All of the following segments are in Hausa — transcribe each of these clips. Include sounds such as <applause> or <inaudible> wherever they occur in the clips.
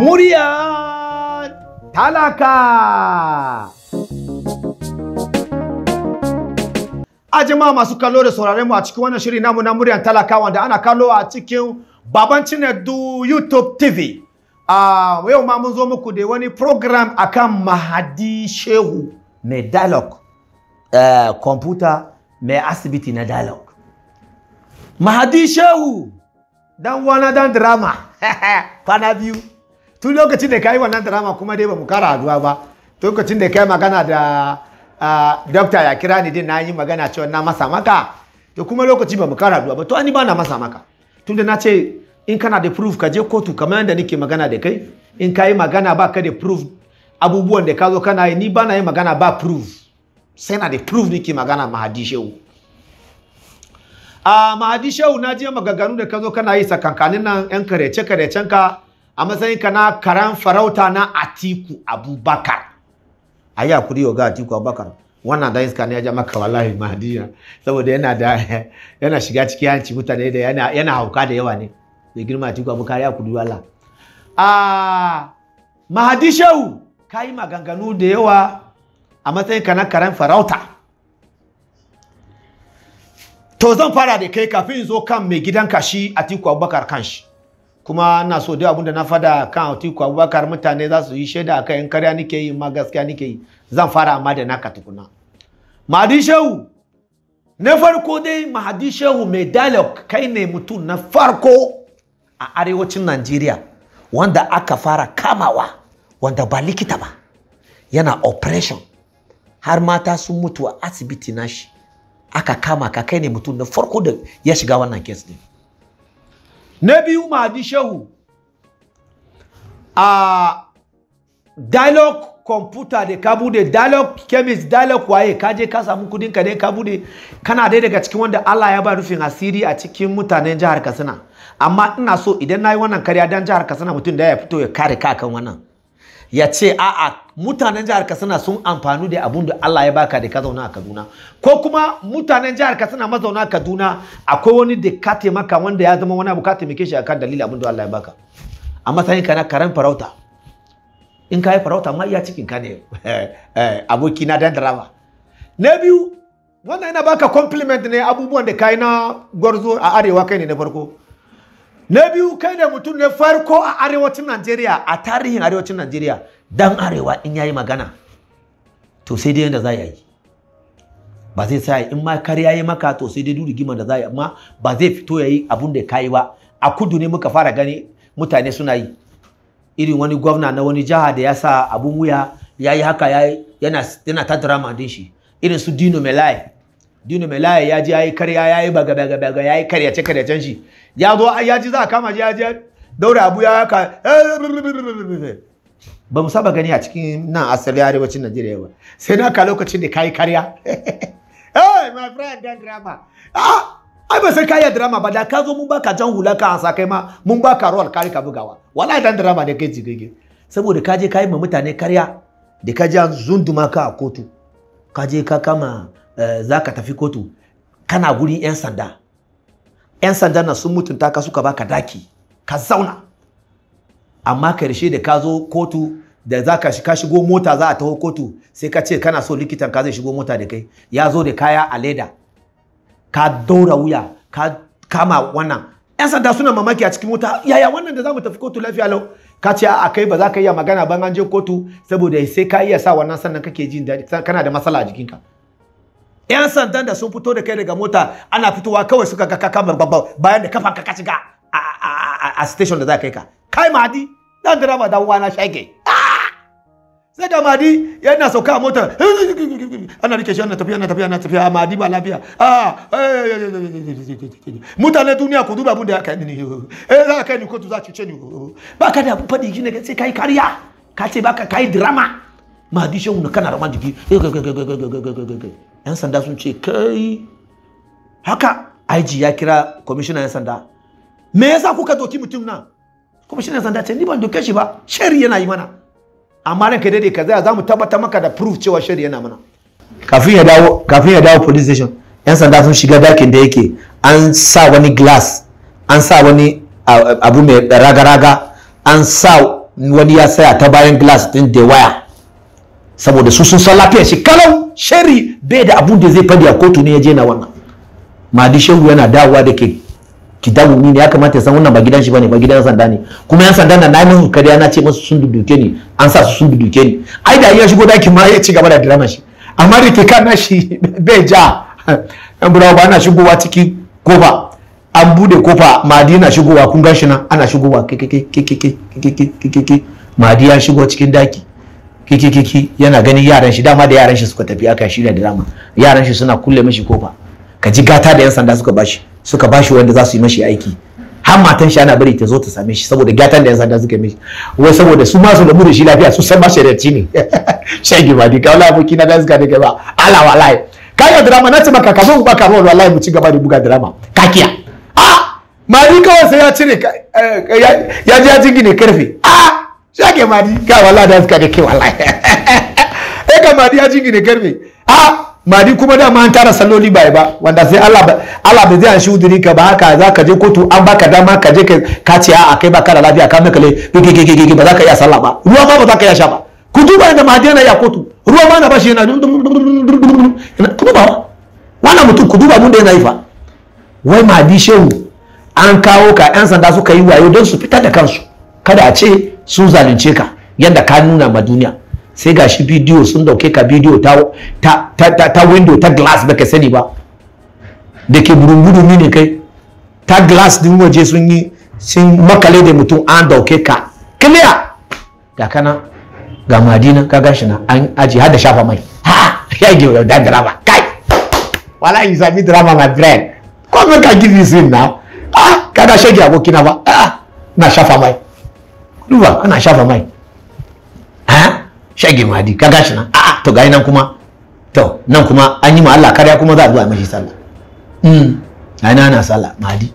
murya talaka a jama'a masu kallo da sauraron mu a cikin wannan shiri namu na muryar talaka wanda ana kallo a cikin baban cinedu youtube tv a yau ma mun zo muku da wani program akan mahadi shehu mai dialogue kwamfuta eh, mai asibiti na dialogue mahadi shehu dan wana dan drama <laughs> kwana biyu tun lokacin da ka yi wannan drama kuma dai ba mu kara haduwa ba lokacin da ka yi magana da dokta ya kira ni din na yi magana cewa na masa maka to kuma lokaci ba mu kara haduwa ba to ani ba na masa maka da na ce in kana da proof ka je kotu kamar yadda nake magana da kai in ka yi magana ba ka da proof abubuwan da ka zo kana yi ni ba na yi magana ba proof sai na da proof nake magana mahadi shehu a mahadi shehu na je magaganu da ka zo kana yi sakankanin nan yan karece karecen ka a matsayin ka na karan farauta na Atiku Abubakar a yi hakuri ga Atiku Abubakar wannan da iska ne ya ja maka wallahi mahdiya saboda yana da yana shiga cikin hanci mutane da yana yana hauka da yawa ne da girma Atiku Abubakar ya kudi wala a Mahadi Shehu kai maganganu da yawa a matsayin ka na karan farauta to zan fara da kai kafin zo kan mai gidan kashi Atiku Abubakar kanshi kuma na so da abin da na fada kan Atiku Abubakar mutane za su yi shaida akan yan karya nake yi ma gaskiya nake yi zan fara amma da naka tukuna Mahadi Shehu na farko dai Mahadi Shehu mai dialogue kai ne mutum na farko a arewacin Najeriya wanda aka fara kamawa wanda ba likita ba yana operation har mata sun mutu a asibiti nashi aka kama ka kai ne mutum na farko da ya shiga wannan case din na biyu mahadi shehu a dialogue computer da ka bude dialogue chemist dialogue waye ka je ka samu kudin ka ne ka bude kana dai daga cikin wanda Allah ya ba rufin asiri a cikin mutanen jihar Katsina amma ina so idan nayi wannan kariya dan jihar Katsina mutum da ya fito ya kare ka wannan ya ce a'a mutanen jihar Katsina sun amfani da abun da Allah ya baka da ka zauna a Kaduna ko kuma mutanen jihar Katsina mazauna Kaduna akwai wani da ka taimaka wanda ya zama wani abu ka taimake shi akan dalilin abun da Allah ya baka a matsayin ka na karen farauta in ka yi farauta ma iya cikin ka ne eh, eh, aboki na dan drama na biyu wannan yana baka compliment ne abubuwan da yi na gwarzo a arewa kai ne na farko na biyu kai ne mutum ne farko a arewacin najeriya a tarihin arewacin najeriya dan arewa in yayi magana to sai dai yadda za yi ba zai sa in ma kar yayi maka to sai dai gima da za yi amma ba zai fito yayi abun da kayi ba a kudu ne muka fara gani mutane suna yi irin wani gwamna na wani jiha da ya sa abun wuya ya yi haka yana ta drama din shi irin su dino melai dinu mai laye ya ji yayi karya yayi baga baga baga yayi ce karya shi ya zo ya ji za a kama ji ya ji daura abu ya ka eh, ba mu saba gani a cikin nan asali arewacin Najeriya ba sai na ka lokacin da kai karya <laughs> hey my friend dan drama ah ai ba sai kai drama ba da ka zo mun baka jan hula ka sa kai ma mun baka rawar kare ka bugawa wallahi dan drama ne kai jigege saboda ka je kai ma mutane karya da ka ji zunduma ka a kotu ka je ka kama Eh, za ka tafi kotu kana gurin 'yan sanda 'yan sanda na sun mutunta ka suka baka daki ka zauna amma karshe da ka zo kotu da za ka shigo mota za a taho kotu sai ka ce kana so likitan ka zai shigo mota da kai ya zo da kaya a leda ka daura wuya ka kama wannan 'yan sanda suna mamaki a cikin mota yaya wannan da za mu tafi kotu lafiya lau ka ce a kai ba za ka iya magana ban an je kotu saboda sai ka iya sa wannan sannan kake jin daɗi kana da matsala a jikinka 'yan sandan da sun fito da kai daga mota ana fitowa kawai suka ga kakamar babban bayan da kafan ka shiga a station da za kai ka kai madi dan da dan na shage ah! sai da madi yana sauka a mota ana rike shi ana tafiya ana tafiya ana tafiya ah, madi ba lafiya ah, eh, mutane duniya ku duba abin da aka yi ni eh za ka kai ni kotu za ci ce ni ba ka da fadi shi ne sai kai kariya ka ce ba ka kai drama mahadi shehu kana da man jiki 'yan sanda sun ce kai haka IG ya kira kwamishinan 'yan sanda me yasa kuka doki mutum na kwamishinan 'yan sanda ce ni ban doke shi ba shari yana yi mana amma ranka daidai ka zaya za mu tabbata maka da proof cewa shari yana mana kafin ya dawo kafin ya dawo police station 'yan sanda sun shiga dakin da yake an sa wani glass an sa wani abu mai raga-raga an sa wani ya saya ta bayan glass din da waya saboda su sun san lafiyar shi kalau shari bai da abun da zai fadi a kotu ne ya je na wannan madi shehu yana dawowa da ke ni ne ya kamata ya san wannan ba gidan shi bane ba gidan sanda ne kuma yan sanda na na musu kariya na ce musu sun duduke ni an sa su sun duduke ni ai da ya shigo daki ma ya ci gaba da drama shi amma da ke kan shi bai ja yan burawa ba na shigowa ciki ba an bude kofa madi na shigowa kun gan na ana shigowa ke ke ke ke ke ke ke ke ke ke madi ya shigo cikin daki kiki kiki yana ganin yaran shi dama da yaran shi suka tafi aka shirya drama yaran shi suna kulle mishi kofa ka ji gata da yan sanda suka bashi suka bashi wanda za su yi mashi aiki har matan shi ana bari ta zo ta same shi saboda gatan da yan sanda suka mishi wai saboda su ma su da shi lafiya su san ma da ne <laughs> shege ba dika wala aboki na da suka daga ba ala wallahi kaga drama na ce maka ka zo mu baka rawar wallahi mu ci gaba da buga drama kakiya ah mari kawai sai ya cire eh, ya ji ya gine karfe ah zage madi ga wallahi da suka kake ke wallahi <laughs> eh ga madi a jingi ne garbe a madi kuma da ma an tara salloli bai ba wanda sai Allah ba Allah bai zai an shi udiri ka ba haka za ka je kotu an baka dama ka je ka ce a kai baka da lafiya ka maka le ke ke ke ba za ka iya sallah ba ruwa ma ba za ka iya sha ba ku duba da madi yana ya kotu ruwa ma na bashi yana ku duba ba wannan mutum ku duba mun da yana yi wai madi shehu an kawo ka yan sanda suka yi wayo don su fitar da kansu kada a ce sun zalunce ka yadda ka nuna ma duniya sai ga shi bidiyo sun dauke ka bidiyo ta, ta, ta, ta, ta window ta glass baka sani ba da ke burungudu ne kai ta glass din waje sun yi sun makale da mutum an dauke ka clear ga kana ga madina ka gashi na an aji har da shafa mai ha ya yi da drama kai wala yi sabi drama my friend come make ka give you sin na ah kada shege abokina ba ah na shafa mai duba ana shafa mai ha shage madi ka gashi nan a'a to gai nan kuma to nan kuma an yi ma Allah kariya kuma za a zuwa mashi sallah mm ai na ana sallah madi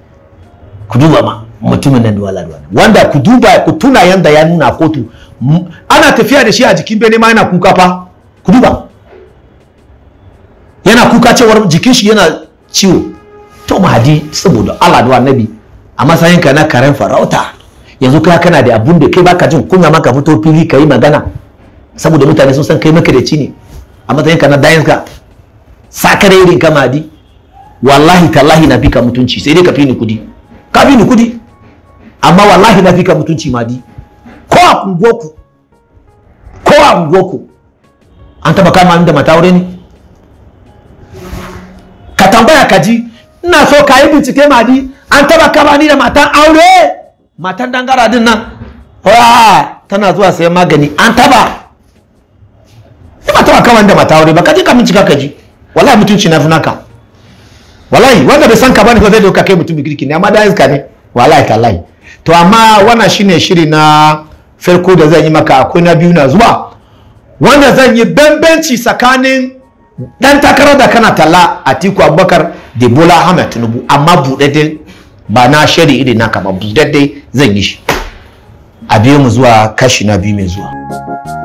ku duba ma mutumin nan duwala duwala wanda ku duba ku tuna yanda ya nuna kotu hmm, ana tafiya da shi a jikin bene ma yana kuka fa ku duba yana kuka cewar jikin shi yana ciwo to mahadi saboda Allah da annabi a matsayin ka na karen farauta yanzu kai kana da abun da kai baka jin kunya maka fito fili kai magana saboda mutane sun san kai ci ne a matsayin ka na dayan ka da irin ka di wallahi tallahi na fika mutunci sai dai ka fi ni kudi ka fi ni kudi amma wallahi na fika mutunci ma di ko a ku, ko a ku, an taba kama da mata aure ne ka tambaya ka ji ina so ka yi bincike ma di an taba kama ni da matan aure matan dangara din nan tana zuwa sayan magani an taba ni ba taba kawai da mata aure ba kaje ka bincika ka ji wallahi mutunci na funaka wallahi wanda bai san ka bane ko zai doka kai mutum girki ne amma da iska ne wallahi tallahi to amma wannan shine shiri na farko da zan yi maka akwai na biyu na zuwa wanda zan yi bambanci tsakanin dan takarar da kana talla Atiku Abubakar da Bola Ahmed Tinubu amma din ba na shari irin naka ba daidai zan yi shi a biyo mu zuwa kashi na biyu mai zuwa